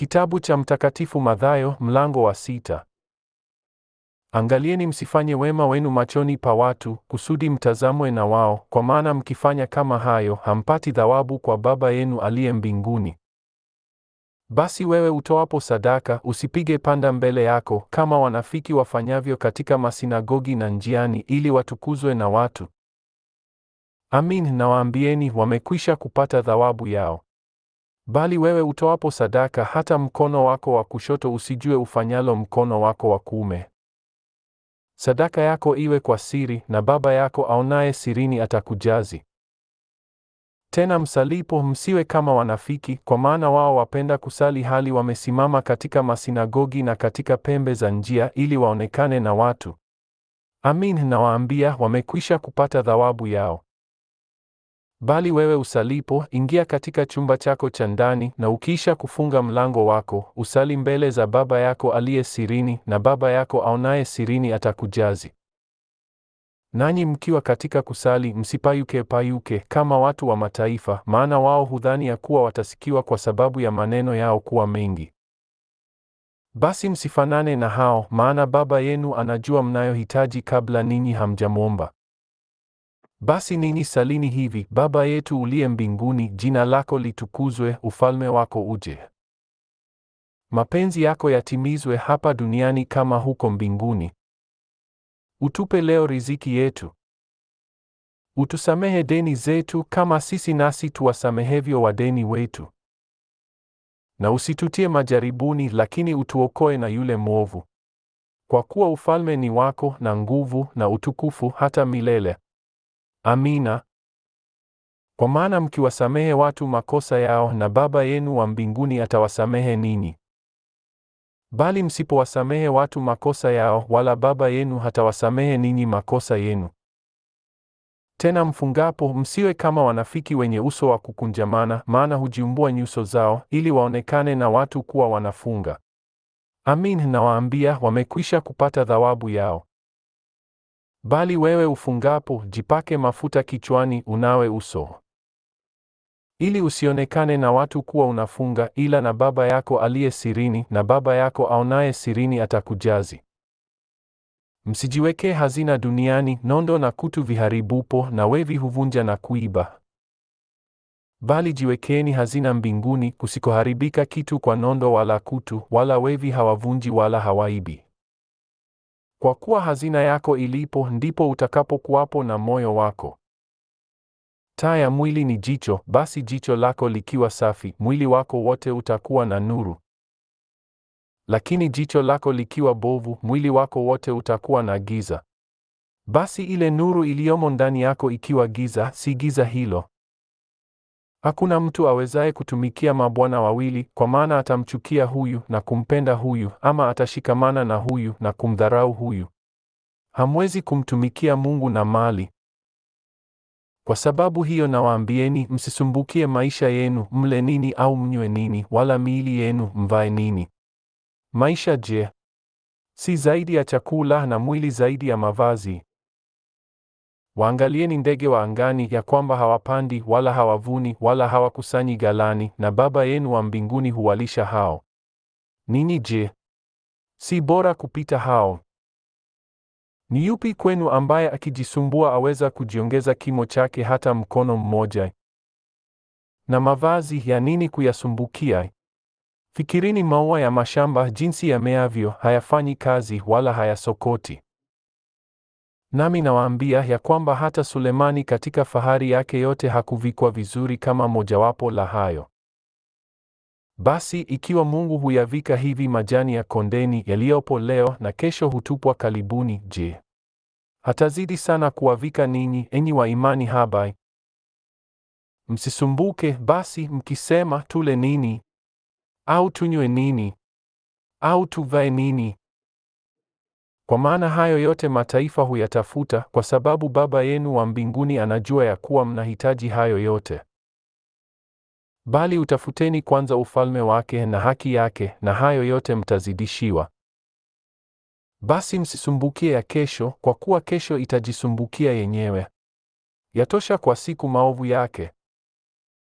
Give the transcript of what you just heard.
Kitabu cha Mtakatifu Mathayo mlango wa sita. Angalieni msifanye wema wenu machoni pa watu, kusudi mtazamwe na wao, kwa maana mkifanya kama hayo, hampati thawabu kwa Baba yenu aliye mbinguni. Basi wewe utoapo sadaka, usipige panda mbele yako, kama wanafiki wafanyavyo katika masinagogi na njiani, ili watukuzwe na watu. Amin, nawaambieni, wamekwisha kupata thawabu yao. Bali wewe utoapo sadaka, hata mkono wako wa kushoto usijue ufanyalo mkono wako wa kuume. Sadaka yako iwe kwa siri, na Baba yako aonaye sirini atakujazi. Tena msalipo, msiwe kama wanafiki, kwa maana wao wapenda kusali hali wamesimama katika masinagogi na katika pembe za njia, ili waonekane na watu. Amin, nawaambia, wamekwisha kupata thawabu yao. Bali wewe usalipo, ingia katika chumba chako cha ndani, na ukiisha kufunga mlango wako, usali mbele za Baba yako aliye sirini, na Baba yako aonaye sirini atakujazi. Nanyi mkiwa katika kusali, msipayuke payuke kama watu wa mataifa, maana wao hudhani ya kuwa watasikiwa kwa sababu ya maneno yao kuwa mengi. Basi msifanane na hao, maana Baba yenu anajua mnayohitaji kabla ninyi hamjamwomba. Basi nini salini hivi: Baba yetu uliye mbinguni, jina lako litukuzwe, ufalme wako uje, mapenzi yako yatimizwe hapa duniani kama huko mbinguni. Utupe leo riziki yetu. Utusamehe deni zetu kama sisi nasi tuwasamehevyo wadeni wetu, na usitutie majaribuni, lakini utuokoe na yule mwovu, kwa kuwa ufalme ni wako na nguvu na utukufu hata milele. Amina. Kwa maana mkiwasamehe watu makosa yao, na Baba yenu wa mbinguni atawasamehe ninyi. Bali msipowasamehe watu makosa yao, wala Baba yenu hatawasamehe ninyi makosa yenu. Tena mfungapo, msiwe kama wanafiki wenye uso wa kukunjamana, maana hujiumbua nyuso zao ili waonekane na watu kuwa wanafunga. Amin, nawaambia, wamekwisha kupata thawabu yao. Bali wewe ufungapo, jipake mafuta kichwani, unawe uso, ili usionekane na watu kuwa unafunga, ila na Baba yako aliye sirini, na Baba yako aonaye sirini atakujazi. Msijiwekee hazina duniani, nondo na kutu viharibupo, na wevi huvunja na kuiba, bali jiwekeeni hazina mbinguni, kusikoharibika kitu kwa nondo wala kutu, wala wevi hawavunji wala hawaibi. Kwa kuwa hazina yako ilipo, ndipo utakapokuwapo na moyo wako. Taa ya mwili ni jicho. Basi jicho lako likiwa safi, mwili wako wote utakuwa na nuru. Lakini jicho lako likiwa bovu, mwili wako wote utakuwa na giza. Basi ile nuru iliyomo ndani yako ikiwa giza, si giza hilo Hakuna mtu awezaye kutumikia mabwana wawili, kwa maana atamchukia huyu na kumpenda huyu, ama atashikamana na huyu na kumdharau huyu. Hamwezi kumtumikia Mungu na mali. Kwa sababu hiyo nawaambieni, msisumbukie maisha yenu, mle nini au mnywe nini, wala miili yenu, mvae nini. Maisha je, si zaidi ya chakula, na mwili zaidi ya mavazi? Waangalieni ndege wa angani, ya kwamba hawapandi wala hawavuni wala hawakusanyi ghalani, na Baba yenu wa mbinguni huwalisha hao. Ninyi je, si bora kupita hao? Ni yupi kwenu ambaye akijisumbua aweza kujiongeza kimo chake hata mkono mmoja? Na mavazi ya nini kuyasumbukia? Fikirini maua ya mashamba jinsi yameavyo, hayafanyi kazi wala hayasokoti. Nami nawaambia ya kwamba hata Sulemani katika fahari yake yote hakuvikwa vizuri kama mojawapo la hayo. Basi ikiwa Mungu huyavika hivi majani ya kondeni yaliyopo leo na kesho hutupwa kalibuni, je, hatazidi sana kuwavika ninyi, enyi wa imani haba? Msisumbuke basi mkisema, tule nini au tunywe nini au tuvae nini? Kwa maana hayo yote mataifa huyatafuta, kwa sababu Baba yenu wa mbinguni anajua ya kuwa mnahitaji hayo yote. Bali utafuteni kwanza ufalme wake na haki yake, na hayo yote mtazidishiwa. Basi msisumbukie ya kesho, kwa kuwa kesho itajisumbukia yenyewe. Yatosha kwa siku maovu yake.